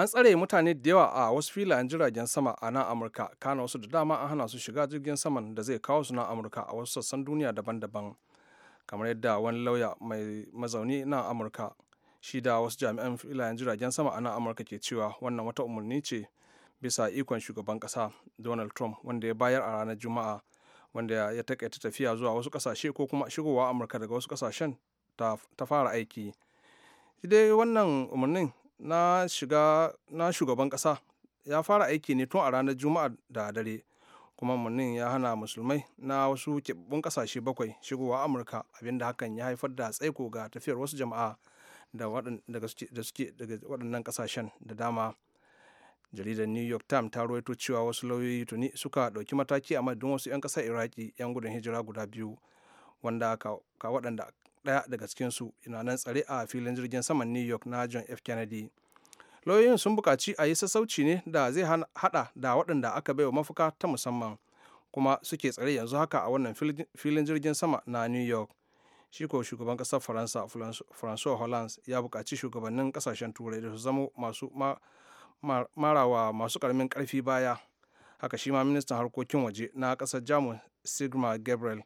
an tsare mutane da yawa a wasu filayen jiragen sama a nan amurka kana wasu da dama an hana su shiga jirgin saman da zai kawo su na amurka a wasu sassan duniya daban-daban kamar yadda wani lauya mai mazauni na amurka shi da wasu jami'an filayen jiragen sama a nan amurka ke cewa wannan wata umarni ce bisa ikon shugaban kasa donald trump wanda ya bayar a ranar juma'a wanda ya takaita tafiya zuwa wasu kasashe ko kuma shigowa amurka daga wasu kasashen ta fara aiki dai wannan umarnin na shiga na shugaban ƙasa ya fara aiki ne tun a ranar juma'a da dare kuma munin ya hana musulmai na wasu keɓaɓɓun ƙasashe bakwai shigowa amurka abinda hakan ya haifar da tsaiko ga tafiyar wasu jama'a da suke waɗannan ƙasashen da dama jaridar new york times ta rawaito cewa wasu lauyoyi tuni suka ɗauki mataki a madadin wasu 'yan ƙasar iraki 'yan gudun hijira guda biyu wanda ka waɗanda daya daga cikinsu yana nan tsare a filin jirgin saman new york na john f kennedy lauyoyin sun bukaci a yi sassauci ne da zai hada da waɗanda aka baiwa mafuka ta musamman kuma suke tsare yanzu haka a wannan filin jirgin sama na new york shi ko shugaban ƙasar faransa francois hollande ya bukaci shugabannin kasashen turai da su zama masu marawa masu karamin karfi baya haka shi ma ministan harkokin waje na ƙasar jamus sigma gabriel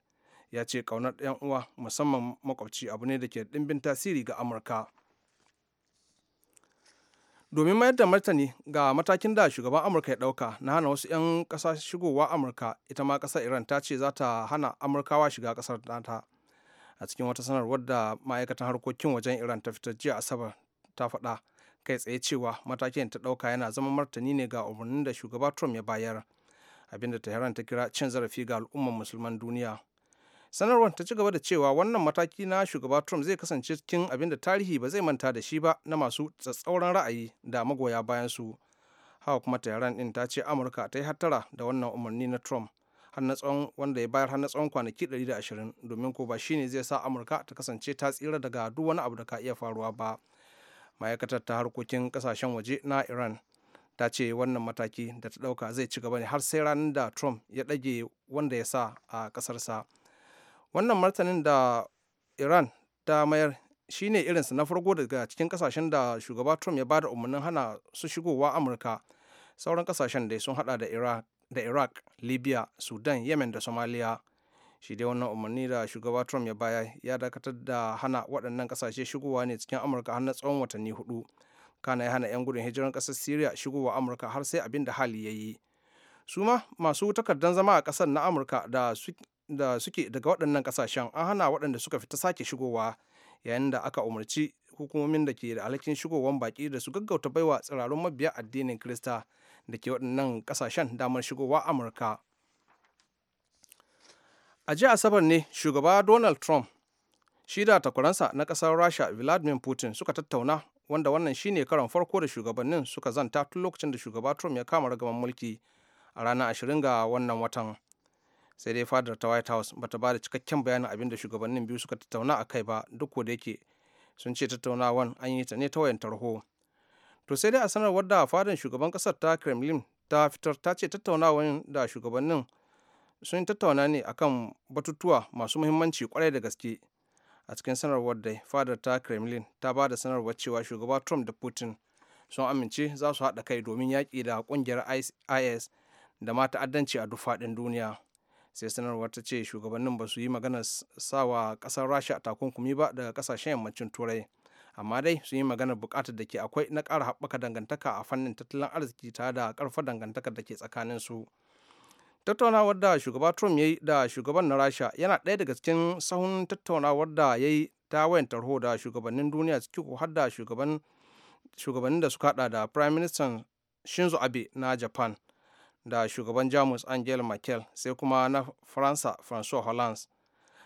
ya ce ƙaunar 'yan uwa musamman makwabci abu ne da ke ɗimbin tasiri ga amurka domin mayar da martani ga matakin da shugaban amurka ya ɗauka na hana wasu 'yan ƙasa shigowa amurka ita ma ƙasar iran ta ce za ta hana amurkawa shiga ƙasar nata a cikin wata sanarwar da ma'aikatan harkokin wajen iran ta fitar jiya asabar ta faɗa kai tsaye cewa matakin ta ɗauka yana zama martani ne ga umarnin da shugaba trump ya bayar abinda tehran ta kira cin zarafi ga al'ummar musulman duniya sanarwar ta ci gaba da cewa wannan mataki na shugaba trump zai kasance cikin abin da tarihi ba zai manta da shi ba na masu tsatsauran ra'ayi da magoya bayan su hawa kuma tehran din ta ce amurka ta yi hattara da wannan umarni na trump har na tsawon wanda ya bayar har na tsawon kwanaki 120 domin ko ba shine zai sa amurka ta kasance ta tsira daga duk wani abu da ka iya faruwa ba ma'aikatar ta harkokin kasashen waje na iran ta ce wannan mataki da ta dauka zai ci gaba ne har sai ranar da trump ya ɗage wanda ya sa a kasarsa. wannan martanin da iran ta mayar shi ne irinsa na farko daga cikin kasashen da shugaba trump ya bada umarnin hana su shigowa amurka sauran kasashen dai sun hada da iraq libya sudan yemen da somalia shi dai wannan umarni da shugaba trump ya baya ya dakatar da hana waɗannan kasashe shigowa ne cikin amurka har na tsawon watanni hudu kana ya hana 'yan gudun hijiran ƙasar syria shigowa amurka har sai abin da hali ya yi su ma masu takardar zama a ƙasar na amurka da da suke daga waɗannan ƙasashen an hana waɗanda suka fita sake shigowa yayin da aka umarci hukumomin da ke da alhakin shigowar baki da su gaggauta baiwa tsirarun mabiya addinin kirista da ke waɗannan ƙasashen damar shigowa amurka a jiya asabar ne shugaba donald trump shi da takwaransa na ƙasar rasha vladimir putin suka tattauna wanda wannan shine karon farko da shugabannin suka zanta tun lokacin da shugaba trump ya kama ragaman mulki a ranar 20 ga wannan watan sai dai fadar ta white house bata ba da cikakken bayanin abin da shugabannin biyu suka tattauna a kai ba duk da yake sun ce tattaunawan an yi ta ne ta wayan tarho to sai dai a sanarwar da fadar shugaban kasar ta kremlin ta fitar ta ce tattaunawan da shugabannin sun tattauna ne akan batutuwa masu muhimmanci kwarai da gaske a cikin sanarwar da fadar ta kremlin ta ba da sanarwar cewa shugaba trump da putin sun amince za su haɗa kai domin yaƙi da ƙungiyar is da ma ta'addanci a duk faɗin duniya sai sanarwar ta ce shugabannin ba su yi maganar sawa kasar rasha takunkumi ba daga kasashen yammacin turai amma dai sun yi magana bukatar da ke akwai na kara haɓaka dangantaka a fannin tattalin arziki ta da ƙarfa dangantaka da ke tsakanin su tattaunawar da shugaba trump ya yi da shugaban na rasha yana ɗaya daga cikin sahun tattaunawar da ya yi ta wayan tarho da shugabannin duniya ciki ko har da shugabannin da suka hada da prime minister shinzo abe na japan da shugaban jamus angel merkel sai kuma na faransa francois hollande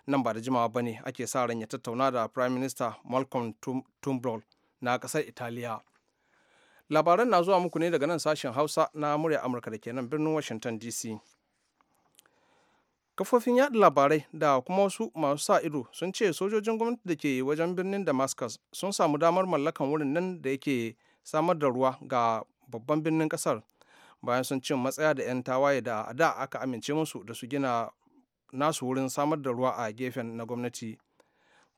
nan ba da jimawa ba ne ake sa ran ya tattauna da prime minister malcolm turnbull na kasar italiya labaran na zuwa muku ne daga nan sashen hausa na murya amurka da ke nan birnin washington dc kafofin yada labarai da kuma wasu masu sa ido sun ce sojojin gwamnati da ke wajen birnin damascus sun samu damar mallakan wurin nan da yake samar da ruwa ga babban birnin kasar bayan sun cin matsaya da 'yan tawaye da a da aka amince musu da su gina nasu wurin samar da ruwa a gefen na gwamnati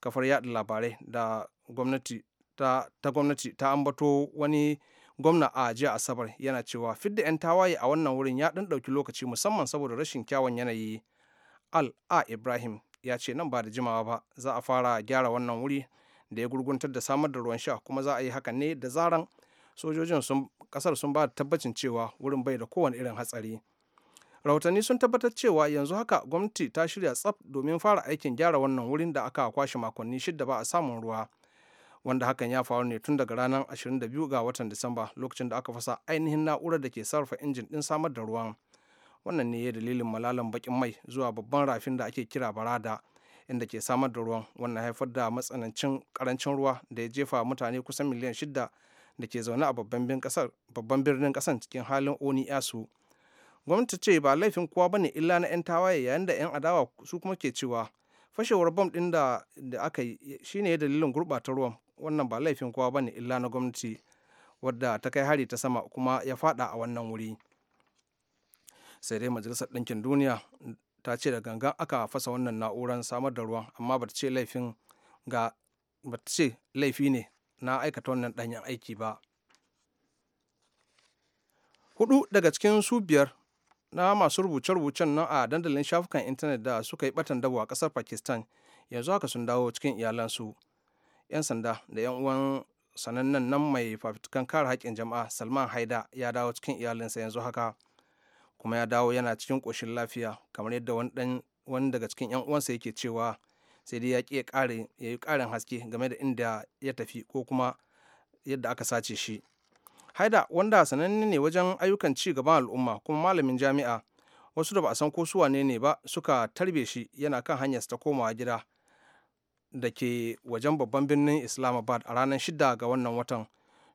kafar yada labarai da gwamnati ta, gwamnati ta ambato wani gwamna a jiya asabar yana cewa fit da 'yan tawaye a wannan wurin ya ɗan ɗauki lokaci musamman saboda rashin kyawun yanayi al a ibrahim ya ce nan ba da jimawa ba za a fara gyara wannan wuri da ya gurguntar da samar da ruwan sha kuma za a yi hakan ne da zaran sojojin sun kasar sun ba tabbacin cewa wurin bai da kowane irin hatsari rahotanni sun tabbatar cewa yanzu haka gwamnati ta shirya tsaf domin fara aikin gyara wannan wurin da aka kwashe makonni shidda ba a samun ruwa wanda hakan ya faru ne tun daga ranar 22 ga watan disamba lokacin da aka fasa ainihin na'urar da ke sarrafa injin din samar da ruwan wannan ne ya dalilin malalan bakin mai zuwa babban rafin da ake kira barada inda ke samar da ruwan wannan haifar da matsanancin karancin ruwa da ya jefa mutane kusan miliyan shida da ke zaune a babban birnin kasar cikin halin oni yasu gwamnati ce ba laifin kowa bane illa na 'yan tawaye yayin da 'yan adawa su kuma ke cewa fashewar bom din da aka yi shine dalilin gurɓata ruwan wannan ba laifin kowa bane illa na gwamnati wadda ta kai hari ta sama kuma ya fada a wannan wuri sai dai majalisar ɗinkin duniya ta ce da gangan aka fasa wannan na'urar samar da ruwan amma ba ta ce laifin ga ba ta ce laifi ne na aikata wannan ɗanyen aiki ba hudu daga cikin su biyar na masu rubuce-rubucen nan a dandalin shafukan intanet da suka yi batan dabo a ƙasar pakistan yanzu haka sun dawo cikin iyalansu 'yan sanda da 'yan uwan sanannen nan mai fafutukan kare haƙƙin jama'a salman haida ya dawo cikin iyalinsa yanzu haka kuma ya dawo yana cikin ƙoshin lafiya kamar yadda wani daga cikin 'yan uwansa yake cewa sai dai ya ƙi ya yi ƙarin haske game da inda ya tafi ko kuma yadda aka sace shi haida wanda sananne ne wajen ayyukan ci gaban al'umma kuma malamin jami'a wasu da ba a san ko suwa wane ne ba suka tarbe shi yana kan hanyar ta komawa gida da ke wajen babban birnin islamabad a ranar shida ga wannan watan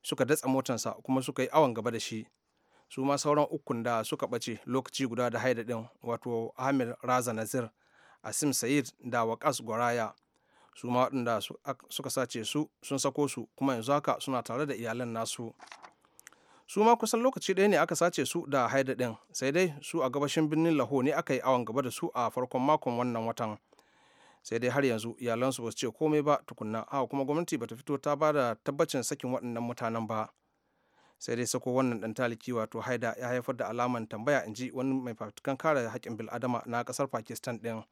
suka datsa motansa kuma suka yi awon gaba da shi su ma sauran ukun da suka ɓace lokaci guda da haida ɗin wato ahmed raza nazir asim sayid da wakas gwaraya su ma waɗanda suka sace su sun sako su kuma yanzu haka suna tare da iyalan nasu su ma kusan lokaci ɗaya ne aka sace su da haida ɗin sai dai su a gabashin birnin laho ne aka yi awon gaba da su a farkon makon wannan watan sai dai har yanzu iyalansu ba su ce komai ba tukunna haka kuma gwamnati bata fito ta ba da tabbacin sakin waɗannan mutanen ba sai dai sako wannan ɗan taliki wato haida ya haifar da alaman tambaya in ji wani mai fafitukan kare haƙƙin bil'adama na ƙasar pakistan ɗin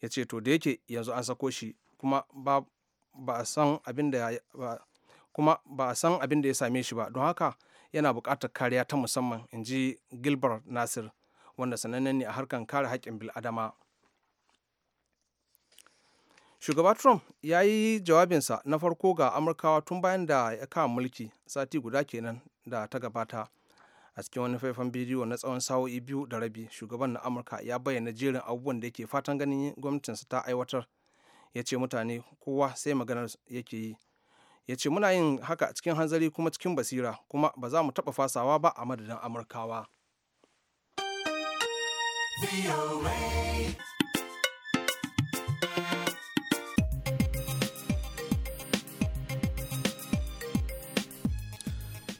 ya ce to da yake yanzu an sako shi kuma ba a san abin da ya same shi ba don haka yana bukatar kariya ta musamman in ji gilbert nasir wanda sanannen ne a harkar kare haƙƙin bil'adama shugaba trump ya yi jawabinsa na farko ga amurkawa tun bayan da ya kama mulki sati guda kenan da ta gabata a cikin wani faifan bidiyo na tsawon sa'o'i biyu da rabi shugaban na amurka ya bayyana jerin abubuwan da yake fatan ganin gwamnatinsa ta aiwatar ya ce mutane kowa sai maganar yake yi ya ce muna yin haka cikin hanzari kuma cikin basira kuma ba za mu taɓa fasawa ba a madadin amurkawa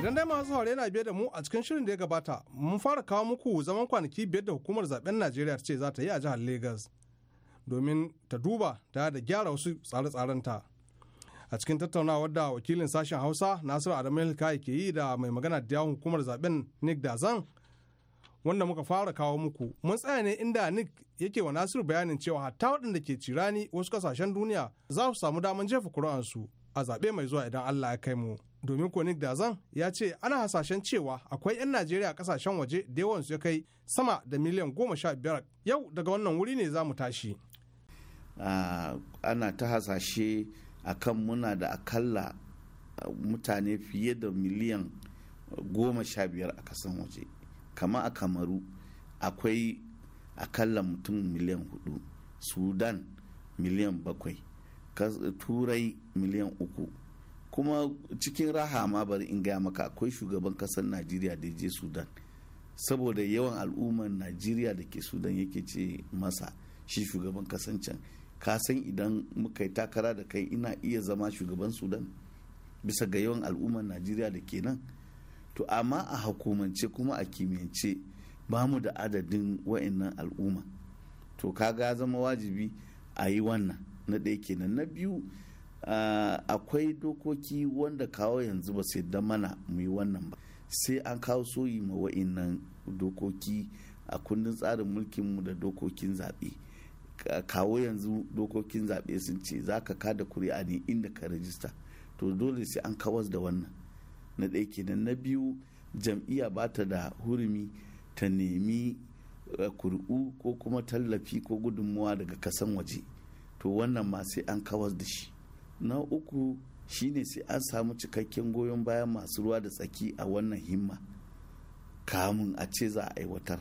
Idan dai masu saurare yana biye da mu a cikin shirin da ya gabata, mun fara kawo muku zaman kwanaki biyar da hukumar zaben Najeriya ce za ta yi a jihar lagos domin ta duba ta da gyara wasu tsare-tsarenta. A cikin tattaunawar da wakilin sashen Hausa Nasiru Adamu Hilkai ke yi da mai magana da yawon hukumar zaben Nick Dazan wanda muka fara kawo muku. Mun tsaya ne inda Nick yake wa Nasiru bayanin cewa hatta waɗanda ke cirani wasu kasashen duniya za su samu damar jefa kuri'ansu a zaɓe mai zuwa idan Allah ya kai mu. domin Nick dazan ya ce ana hasashen cewa akwai 'yan najeriya kasashen waje da yawansu ya kai sama da miliyan goma sha biyar yau daga wannan wuri ne za mu tashi ana ta hasashe a kan muna da akalla mutane fiye da miliyan goma sha biyar a kasan waje kama a kamaru akwai akalla mutum miliyan hudu sudan miliyan bakwai turai miliyan uku kuma cikin raha ma bari in gaya maka akwai shugaban kasar najeriya da je sudan saboda yawan al'ummar najeriya da ke sudan yake ce masa shi shugaban kasan can ka san idan muka yi takara da kai ina iya zama shugaban sudan bisa ga yawan al'ummar najeriya da ke nan to amma a hukumance kuma a kimiyyance ba mu da adadin wa'annan al'umma to kaga zama wajibi a yi wannan na ɗaya kenan na biyu Ah, akwai dokoki wanda kawo yanzu ba sai da mana mu yi wannan ba sai an kawo soyi ma wa'innan dokoki a kundin tsarin mulkinmu da dokokin zaɓe kawo yanzu dokokin zaɓe sun ce za ka kada kuri'a ne inda ka rajista to dole sai an kawas da wannan na ɗaya kenan na biyu jam'iyya ba ta da hurumi ta nemi eh, kuri'u ko kuma tallafi ko gudunmuwa daga kasan waje to wannan ma sai an kawas da shi na uku shine sai an samu cikakken goyon bayan masu ruwa da tsaki a wannan himma kamun a ce za a aiwatar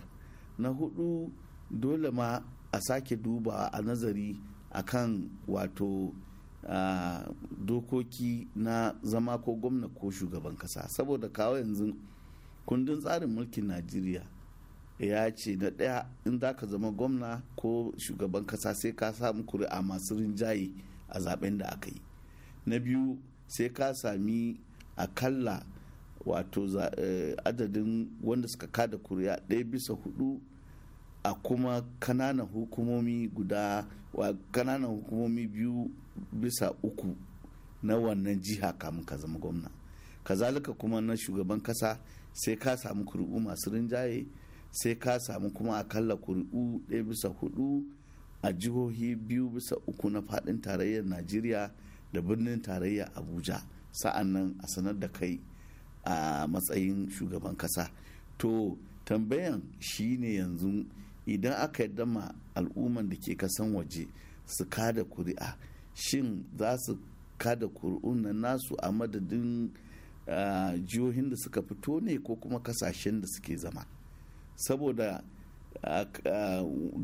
na hudu dole ma a sake duba a nazari a kan wato a dokoki na zama ko gwamna ko shugaban kasa saboda kawo yanzu kundin tsarin mulkin najeriya ya ce na ɗaya in za ka zama gwamna ko shugaban kasa sai ka samu kuri'a masu rinjaye a zaben da aka yi na biyu sai ka sami akalla wato eh, adadin wanda suka kada kuri'a ɗaya bisa hudu a kuma kananan hukumomi guda wa kananan hukumomi biyu bisa uku na wannan jiha kamun ka zama gwamna kazalika kuma na shugaban kasa sai ka samu kuri'u masu rinjaye sai ka samu kuma akalla kuri'u ɗaya bisa hudu a jihohi biyu bisa uku na faɗin tarayyar najeriya da birnin tarayya abuja sa'an nan a sanar da kai a matsayin shugaban kasa to tambayan shine yanzu idan aka yarda ma al'umman da ke kasan waje su kada kuri'a shin za su kada kuri'un na nasu a madadin jihohin da suka fito ne ko kuma kasashen da suke zama saboda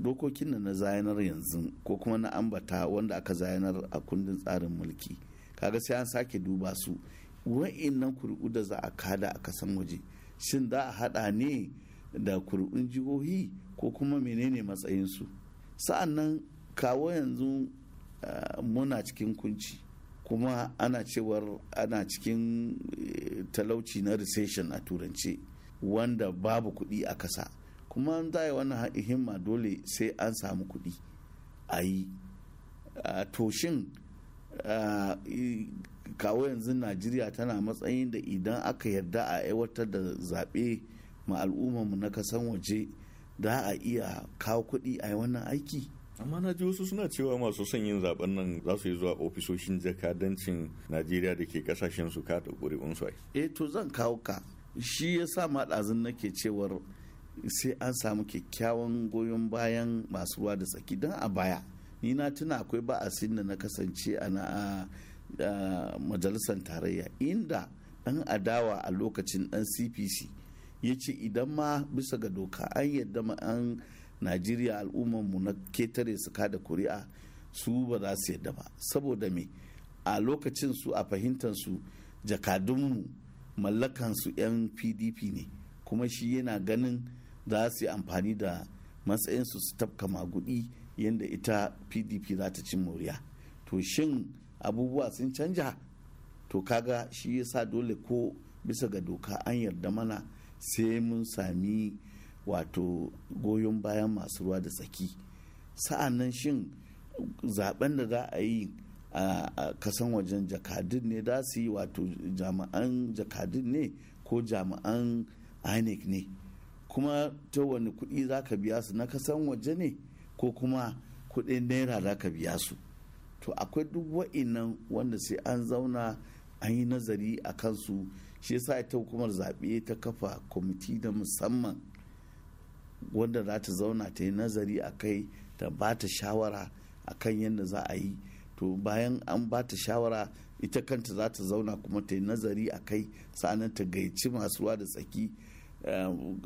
dokokin da na zayanar yanzu ko kuma na ambata wanda aka zayanar a kundin tsarin mulki kaga sai an sake duba su wa'innan kuri'u da za a kada a kasan waje shin za a hada ne da kuri'un jihohi ko kuma menene matsayinsu sa'annan kawo yanzu muna cikin kunci kuma ana cewar ana cikin eh, talauci na recession a turance wanda babu kuɗi a kasa kuma an za wannan himma dole sai an samu kuɗi a yi toshin kawo yanzu najeriya tana matsayin da idan aka yarda a aiwatar da zaɓe ma al'ummarmu na kasan waje da a iya kawo kuɗi a yi wannan aiki amma na ji wasu suna cewa masu son yin zaben nan za su yi zuwa ofisoshin jakadancin najeriya da ke kasashen su kata ƙuri'unsu eh to zan kawo ka shi ya sa maɗazin nake cewar sai an samu kyakkyawan goyon bayan masu ruwa da tsaki don a baya ni na tuna akwai ba a da na kasance a na majalisar tarayya inda dan adawa a lokacin dan cpc ya ce idan ma bisa ga doka an yadda ma an najeriya mu na ketare su kada kuri'a su ba za su yadda ba saboda me a lokacin su a fahimtar su jakadunmu mallakansu 'yan pdp ne kuma shi yana ganin za su yi amfani da matsayinsu su tafka maguɗi yadda ita pdp za ta ci moriya to shin abubuwa sun canja to kaga shi yasa dole ko bisa ga doka an yarda mana sai mun sami wato goyon bayan masu ruwa da tsaki sa'an nan shin zaben da za a yi a kasan wajen jakadun ne za su yi wato jami'an jakadun ne ko jami'an inec ne kuma ta wani kuɗi za ka biya su na kasan waje ne ko kuma kuɗin naira za ka biya su to akwai duk wa'inan wanda sai an zauna an yi nazari a kansu shi yasa ita hukumar zaɓe ta kafa kwamiti na musamman wanda za ta zauna ta yi nazari a kai ta ba ta shawara a kan yadda za a yi to bayan an ba ta shawara ita kanta za ta zauna kuma ta yi nazari a kai sa'anan ta gaici masu ruwa da tsaki Um,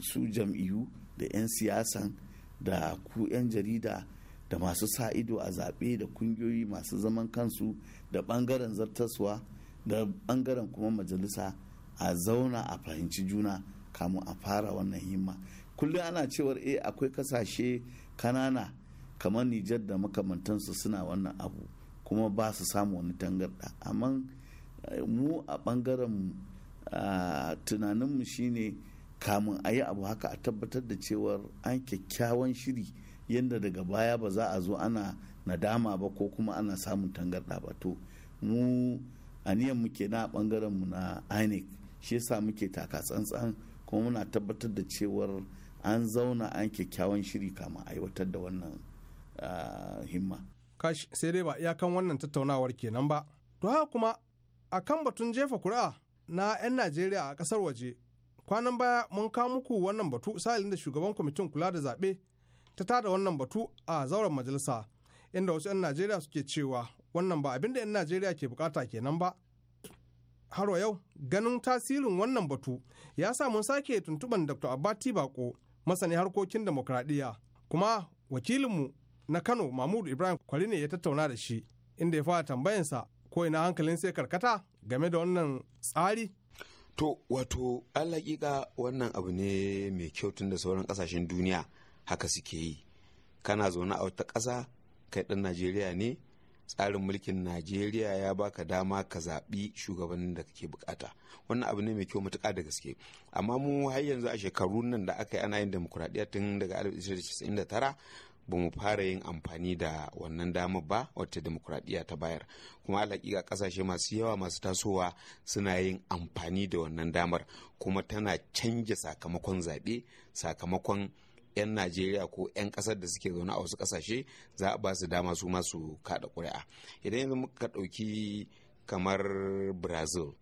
su jam'iyyu da 'yan siyasan da ku 'yan jarida da masu sa ido a zaɓe da kungiyoyi masu zaman kansu da ɓangaren zartaswa da ɓangaren kuma majalisa a zauna a fahimci juna kamun a fara wannan himma kullum ana cewar eh akwai kasashe kanana kamar nijar da makamantansu suna wannan abu kuma ba su samu wani tangarɗa amma eh, mu a ɓangaren tunaninmu shine kamun a yi abu haka a tabbatar da cewar an kyakkyawan shiri yadda daga baya ba za a zo ana nadama ba ko kuma ana samun tangarɗa ba to mu aniyan muke na bangaren mu na inec shi yasa muke taka tsantsan kuma muna tabbatar da cewar an zauna an kyakkyawan shiri kama aiwatar da wannan himma kash sai dai ba iyakan wannan tattaunawar kenan ba to haka kuma akan batun jefa kuri'a na 'yan Najeriya a kasar waje. Kwanan baya mun kawo muku wannan batu sa'ilin da shugaban kwamitin kula da zaɓe ta tada wannan batu a zauren majalisa inda wasu 'yan Najeriya suke cewa wannan ba abin da 'yan Najeriya ke bukata kenan ba. Har yau ganin tasirin wannan batu ya sa mun sake tuntuban Dr. Abati Bako masani harkokin demokradiyya kuma wakilinmu na Kano Mahmud Ibrahim Kwari ne ya tattauna da shi inda ya fara tambayansa ko ina hankalin sai karkata game da wannan tsari to wato alaƙiƙa wannan abu ne mai kyau tun da sauran ƙasashen duniya haka suke yi kana zaune a wata ƙasa kai ɗan najeriya ne tsarin mulkin najeriya ya baka dama ka zaɓi shugabannin da kake bukata wannan abu ne mai kyau matuƙa da gaske amma mu har yanzu a shekarun nan da aka yi ana yin demokuraɗiyya tun daga 1999 ba mu fara yin amfani da wannan damar ba wata demokuraɗiyya ta bayar kuma alaƙiƙa ƙasashe masu yawa masu tasowa suna yin amfani da wannan damar kuma tana canja sakamakon zaɓe sakamakon 'yan najeriya ko 'yan ƙasar da suke zaune a wasu ƙasashe za a ba su dama su masu kaɗa kuri'a idan yanzu muka ɗauki kamar brazil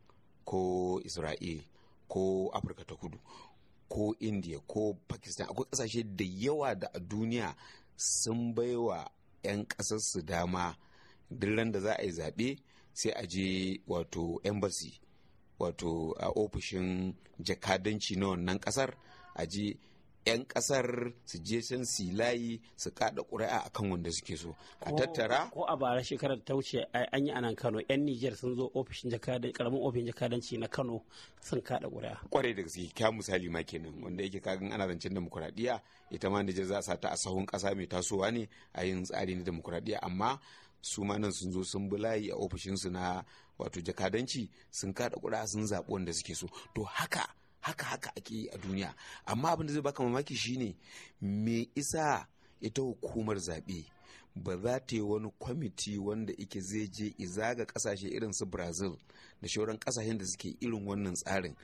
ko isra'il ko afirka ta kudu ko Indiya ko pakistan akwai ƙasashe da yawa da a duniya sun baiwa 'yan ƙasarsu dama duk da za a yi zaɓe sai a je wato embassy wato a ofishin jakadanci na wannan ƙasar a je 'yan kasar su je can silayi layi su kada ƙuri'a kan wanda suke so a tattara ko a bara shekarar ta wuce an yi anan kano 'yan nijar sun zo ofishin jakadan karamin ofishin jakadanci na kano sun kada ƙuri'a kwarai da gaske kya misali ma kenan wanda yake kagan ana zancen demokuraɗiyya ita ma nijar za sa ta a sahun kasa mai tasowa ne a yin tsari na demokuraɗiyya amma su ma nan sun zo sun bi layi a ofishinsu na wato jakadanci sun kada ƙuri'a sun zaɓi wanda suke so to haka haka haka ake yi a duniya amma abin da zai baka mamaki shine me isa ita hukumar zaɓe ba za ta yi wani kwamiti wanda ike zai je izaga kasashe irin su brazil da shauran kasashen da suke irin wannan tsarin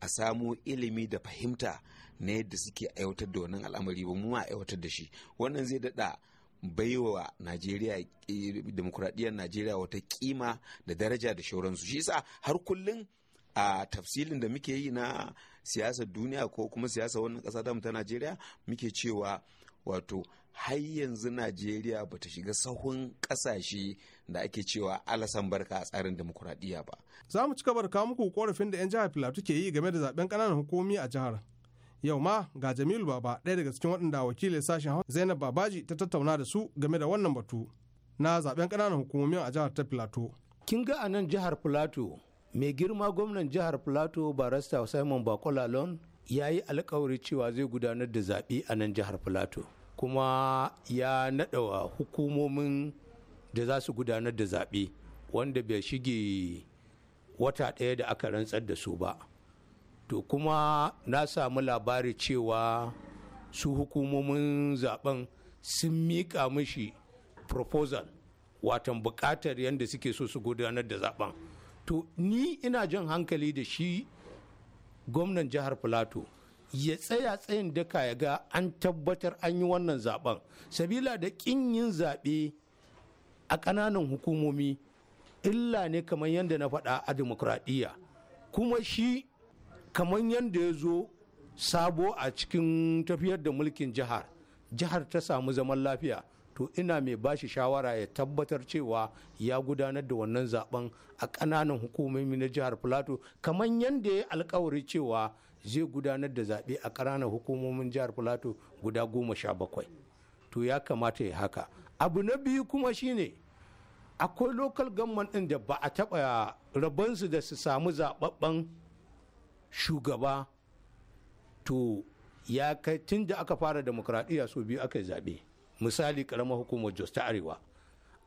a samo ilimi da fahimta na yadda suke aiwatar da wannan al'amari ba mu ma aiwatar da shi wannan zai dada baiwa najeriya eh, demokuraɗiyyar najeriya wata kima da daraja da shauransu shi yasa har kullum a tafsilin da muke yi na siyasar duniya ko kuma siyasar wannan kasa ta ta najeriya muke cewa wato har yanzu najeriya ba ta shiga sahun kasashe da ake cewa alasan barka a tsarin demokuraɗiyya ba za mu ci gaba da kawo muku korafin da 'yan jihar filatu ke yi game da zaben kananan hukumomi a jihar yau ma ga jamilu baba ɗaya daga cikin waɗanda wakilin sashen hausa zainab babaji ta tattauna da su game da wannan batu na zaben kananan hukumomi a jihar ta filato kin ga a nan jihar filato mai girma gwamnan jihar plateau barista simon bakolalon ya yi alkawari cewa zai gudanar da zaɓe a nan jihar plateau kuma ya naɗa hukumomin da za su gudanar da zaɓe wanda bai shige wata ɗaya da aka rantsar da su ba to kuma na samu labari cewa su hukumomin zaben sun miƙa mishi proposal watan buƙatar yadda suke so su gudanar da zaben to ni ina jan hankali da shi gwamnan jihar Filato ya tsaya tsayin daka ya ga an tabbatar an yi wannan zaben sabila da kin yin zaɓe a ƙananan hukumomi illa ne kamar yadda na faɗa a demokradiyya kuma shi kamar yadda ya zo sabo a cikin tafiyar da mulkin jihar jihar ta samu zaman lafiya to ina mai bashi shawara ya tabbatar cewa ya gudanar da wannan zaben a ƙananan hukumomi na jihar plateau kamar yadda ya alkawari cewa zai gudanar da zaɓe a ƙananan hukumomin jihar plateau guda goma sha bakwai to ya kamata ya haka abu na biyu kuma shine akwai lokal government ɗin da ba a taɓa rabansu da su samu zaɓaɓɓen shugaba to ya kai tun da aka fara demokradiyya sau biyu aka yi zaɓe misali karamar hukumar jos ta arewa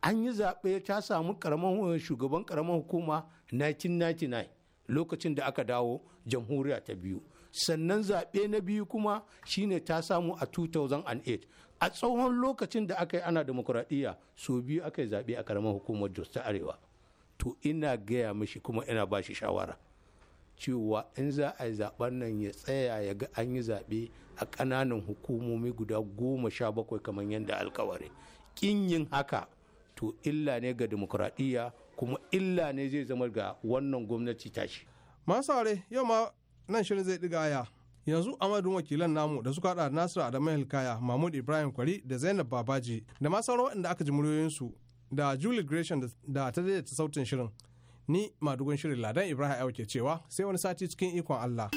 an yi zaɓe ta samu karamar eh, shugaban karamar hukuma 1999 lokacin da aka dawo jamhuriya ta biyu sannan zaɓe na biyu kuma shine ta samu a 2008 a tsohon lokacin da aka yi ana demokuraɗiyya sau biyu aka yi zaɓe a karamar hukumar jos ta arewa to ina gaya mashi kuma ina ba shi shawara cewa in za a yi zaben nan ya tsaya ya ga an yi zaɓe a ƙananan hukumomi guda goma sha bakwai kamar yadda alkawari ƙin yin haka to illa ne ga demokuraɗiyya kuma illa ne zai zama ga wannan gwamnati tashi. masu yau ma nan shirin zai ɗiga aya yanzu amadu wakilan namu da suka haɗa nasiru adamu hilkaya mahmud ibrahim kwari da zainab babaji da masu sauran waɗanda aka ji muryoyinsu da julie gresham da ta daidaita sautin shirin ni madugun shirin ladan ibrahim ke cewa sai wani sati cikin ikon allah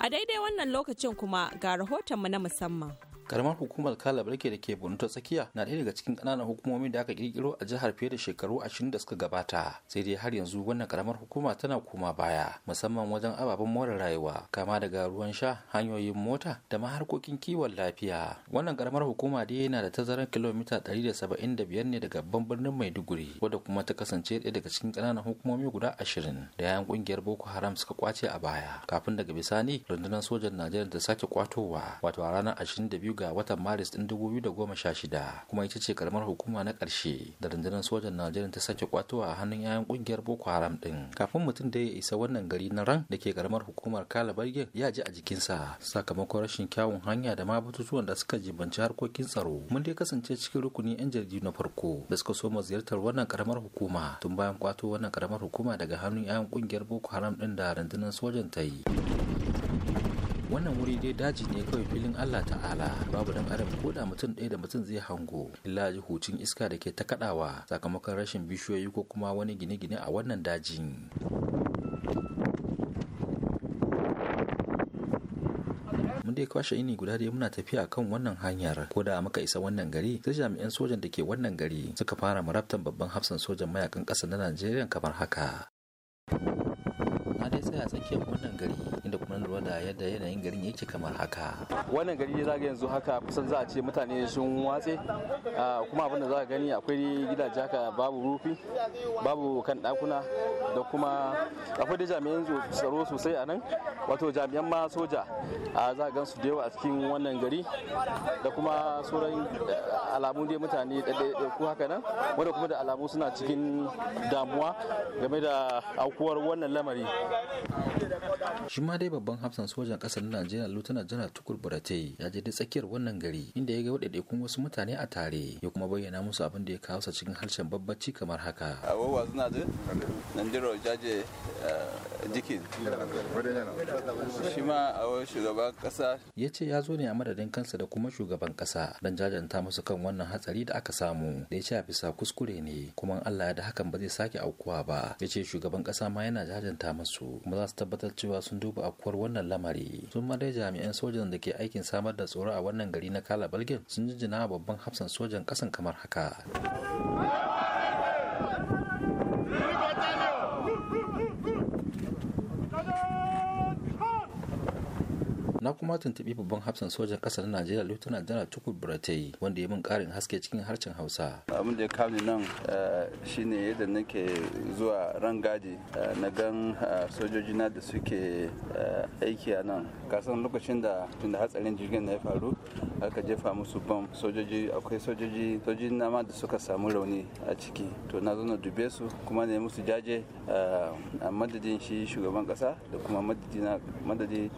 a daidai wannan lokacin kuma ga rahotonmu na musamman karamar hukumar kalabarke da ke bonito ta tsakiya na ɗaya daga cikin ƙananan hukumomi da aka ƙirƙiro a jihar fiye da shekaru ashirin da suka gabata sai dai har yanzu wannan karamar hukuma tana koma baya musamman wajen ababen more rayuwa kama daga ruwan sha hanyoyin mota da ma harkokin kiwon lafiya wannan karamar hukuma dai yana da tazarar kilomita ɗari da saba'in da biyar ne daga babban birnin maiduguri wadda kuma ta kasance ɗaya daga cikin ƙananan hukumomi guda ashirin da yayan ƙungiyar boko haram suka kwace a baya kafin daga bisani rundunar sojan najeriya ta sake kwatowa wato a ranar ashirin ga watan maris ɗin 2016 kuma ita ce karamar hukuma na ƙarshe da rundunar sojan najeriya ta sake kwatowa a hannun 'ya'yan ƙungiyar boko haram ɗin kafin mutum da ya isa wannan gari na ran da ke karamar hukumar kala bargen ya ji a jikinsa sakamakon rashin kyawun hanya da ma batutuwan da suka jibanci harkokin tsaro mun dai kasance cikin rukuni 'yan jirgi na farko da suka so mu ziyartar wannan karamar hukuma tun bayan kwato wannan karamar hukuma daga hannun 'ya'yan ƙungiyar boko haram ɗin da rundunar sojan ta yi wannan wuri dai daji ne kawai filin allah ta'ala babu dan adam ko da mutum ɗaya da mutum zai hango illa ji hucin iska da ke ta kaɗawa sakamakon rashin bishiyoyi ko kuma wani gine-gine a wannan dajin mun dai kwashe ini guda dai muna tafiya kan wannan hanyar ko da muka isa wannan gari sai jami'an sojan da ke wannan gari suka fara marabtan babban hafsan sojan mayakan ƙasa na najeriya kamar haka tsaya tsakiyar wannan gari inda kuma lura da yadda yanayin garin yake kamar haka wannan gari za ga yanzu haka kusan za a ce mutane sun watse ah, kuma abinda da za a gani akwai gidaje haka babu rufi babu kan dakuna da kuma akwai da jami'an tsaro sosai a nan wato jami'an ma soja a ah, za a gansu da yawa a cikin wannan gari da kuma sauran eh, alamun dai mutane ku haka nan wanda kuma da alamu suna cikin damuwa game da aukuwar wannan lamari shi ma dai babban hafsan sojan kasar najeriya lieutenant janar tukur burate ya je da tsakiyar wannan gari inda ya ga waɗaiɗaikun wasu mutane a tare ya kuma bayyana musu abin da ya kawo sa cikin harshen babbaci kamar haka abubuwa suna nigeria jaje eh, jikin shi ma a shugaban kasa ya ce ya zo ne a madadin kansa da kuma shugaban kasa don jajanta musu kan wannan hatsari da aka samu da ya ce a bisa kuskure ne kuma allah ya da hakan ba zai sake aukuwa ba ya ce shugaban kasa ma yana jajanta musu kuma za su tabbatar cewa sun duba akwar wannan lamari sun ma dai jami'an sojan da ke aikin samar da tsoro a wannan gari na kala balgin sun jinjina babban hafsan sojan kasan kamar haka na kuma tuntuɓi babban hafsan sojan ƙasa na najeriya lieutenant general tukur buratai wanda ya min ƙarin haske cikin harshen hausa abin da ya kawo ni nan eh, shine yadda nake zuwa rangadi eh, na gan eh, sojoji na da suke aiki a nan kasan lokacin da tunda hatsarin jirgin na ya faru aka jefa musu bom sojoji akwai sojoji sojoji na da suka samu rauni a ciki to na zo na dube su kuma ne musu jaje a madadin shi shugaban kasa da kuma madadi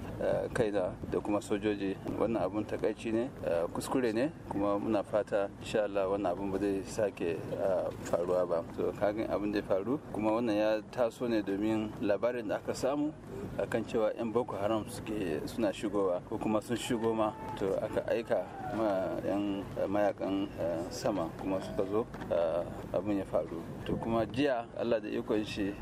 kai da da kuma sojoji wannan abun takaici ne eh, kuskure ne kuma muna fata insha Allah wannan abun ba zai sake eh, faruwa ba to kagan abin da ya faru kuma wannan ya taso ne domin labarin da aka samu akan cewa yan boko haram suke suna shigowa ko kuma sun shigo ma to aka aika ma yan mayakan eh, sama kuma suka zo abin ya faru to kuma jiya Allah da ikon shi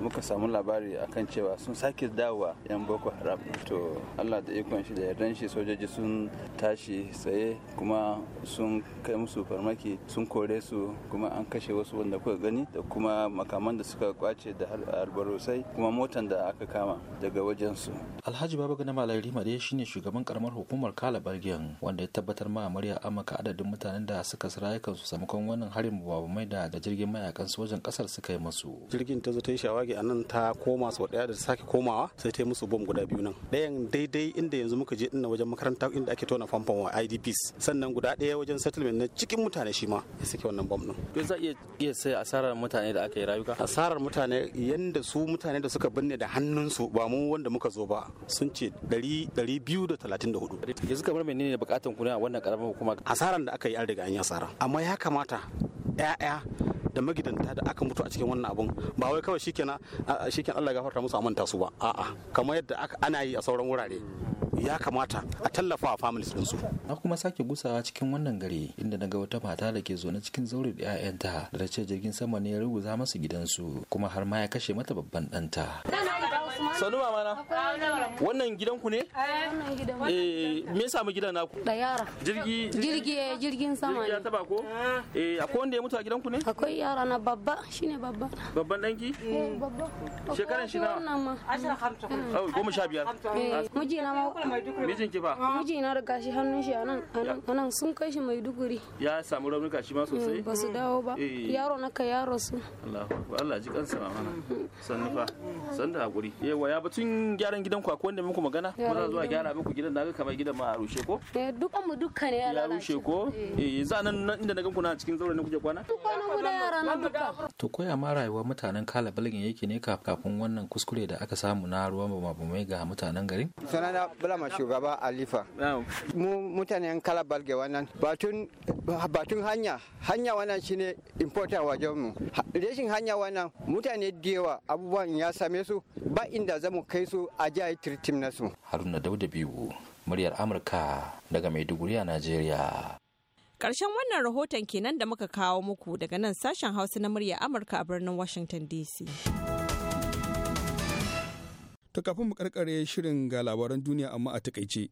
muka samu labari akan cewa sun sake dawowa yan boko haram to allah da ikon shi da yardan shi sojoji sun tashi tsaye kuma sun kai musu farmaki sun kore su kuma an kashe wasu wanda kuka gani da kuma makaman da suka kwace da albarosai kuma motan da aka kama daga wajen su. alhaji baba gana malai rima dai shine shugaban karamar hukumar kala bargen wanda ya tabbatar ma amarya amaka adadin mutanen da suka rayukan su samakon wannan harin babu mai da da jirgin mayakan wajen kasar suka yi musu jirgin ta zo ta yi shawagi a nan ta koma sau daya da sake komawa sai ta yi musu bom guda biyu nan dayan daidai dai inda yanzu muka je dinnan wajen makaranta inda ake tona famfon wa IDPs sannan guda ɗaya wajen settlement na cikin mutane shi ma ya sake wannan bomb din to za iya iya sai asarar mutane da aka yi rayuka asarar mutane yanda su mutane da suka binne da hannunsu ba mu wanda muka zo ba sun ce 234 yanzu kamar menene bukatun ku ne a wannan karamar hukuma asarar da aka yi an riga an yi asara amma ya kamata 'ya'ya da magidanta da aka mutu a cikin wannan abun ba wai kawai shikenan shikenan Allah ya gafarta musu amanta su ba a'a kamar yadda ana yi a sauran wurare ya kamata a tallafa wa families ɗinsu. Na kuma sake gusawa cikin wannan gari inda na ga wata mata da ke zaune cikin zaure da 'ya'yanta da ta ce jirgin sama ne ya ruguza masu gidansu kuma har ma ya kashe mata babban ɗanta. Sanu mama na. Eh, wannan gidan ku ne? Eh, me yasa mu gidan naku? Da yara. Jirgi jirgi eh, jirgin sama ne. Ya taba ko? Eh, akwai wanda ya mutu a gidan ku ne? Akwai yara na babba, shine babba. Babban danki? Eh, babba. Shekaran shi na? Wannan ma. 10 50. Oh, 15. biyar. Eh, na ma mijin ki ba miji na riga shi hannun shi anan anan sun kai shi maiduguri ya samu raunuka shi ma sosai eh, ba su dawo ba eh. yaro na ka yaro su Allahu Allah ji kansa mana sannu fa san da hakuri yawa ya batun gyaran gidan ku akwai wanda muku magana za zuwa gyara muku gidan naga kamar gidan ma a rushe ko eh dukan mu dukkan ya ya rushe ko eh, eh za nan inda na ganku na cikin zaure ne kuke kwana kwana mu da yara na duka to koya ma rayuwar mutanen kala balgin yake ne kafin wannan kuskure da aka samu na ruwan bumabumai ga mutanen garin sanana kama shugaba alifa mu mutanen balge wannan batun batun hanya hanya wannan shine important wajen mu rashin hanya wannan mutane da yawa abubuwan ya same su ba inda zamu kai su a jihar tritim na su haruna dauda biyu muryar amurka daga maiduguri a najeriya Ƙarshen wannan rahoton kenan da muka kawo muku daga nan sashen Hausa na murya Amurka a birnin Washington DC. To kafin mu karkare shirin ga labaran duniya amma a takaice.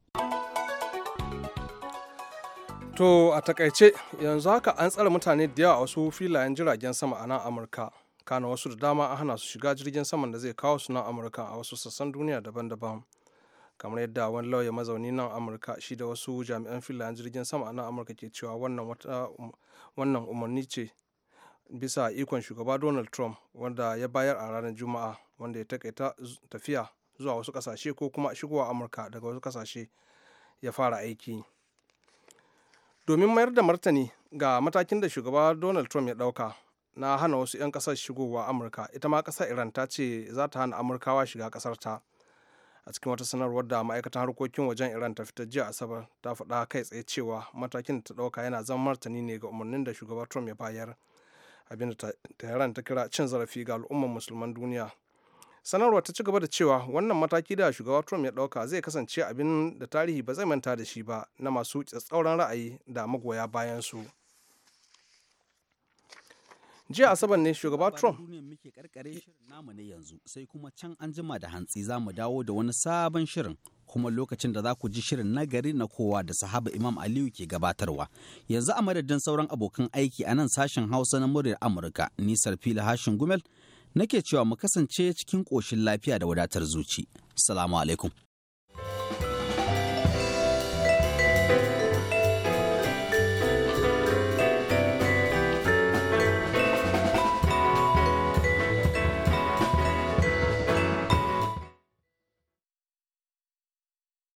To a takaice yanzu haka an tsara mutane da yawa wasu filayen jiragen sama a nan Amurka. Kana wasu da dama an hana su shiga jirgin saman da zai kawo su nan Amurka a wasu sassan duniya daban-daban. Kamar yadda wani lauya mazauni nan Amurka shi da wasu jami'an filayen jirgin sama a nan Amurka ke cewa wannan umarni ce bisa ikon shugaba Donald Trump wanda ya bayar a ranar Juma'a wanda ya takaita tafiya zuwa wasu kasashe ko kuma shigowa amurka daga wasu kasashe ya fara aiki domin mayar da martani ga matakin da shugaba donald trump ya ɗauka na hana wasu 'yan ƙasar shigowa amurka ita ma ƙasar iran ta ce za ta hana amurkawa shiga kasar ta a cikin wata sanarwar da ma'aikatan harkokin wajen iran ta fitar jiya asabar ta faɗa kai tsaye cewa matakin da ta ɗauka yana zama martani ne ga umarnin da shugaba trump ya bayar abinda tehran ta kira cin zarafi ga al'ummar musulman duniya sanarwar ta ci gaba da cewa wannan mataki da shugaba trump ya ɗauka zai kasance abin da tarihi ba zai manta da shi ba na masu tsatsauran ra'ayi da magoya bayansu jiya asabar ne shugaba trump muke karkare shirin namu ne yanzu sai kuma can an jima da hantsi za mu dawo da wani sabon shirin kuma lokacin da za ku ji shirin na gari na kowa da sahaba imam aliyu ke gabatarwa yanzu a madadin sauran abokan aiki a nan sashen hausa na muryar amurka nisar fili hashin gumel nake cewa mu kasance cikin ƙoshin lafiya da wadatar zuci. Salamu alaikum.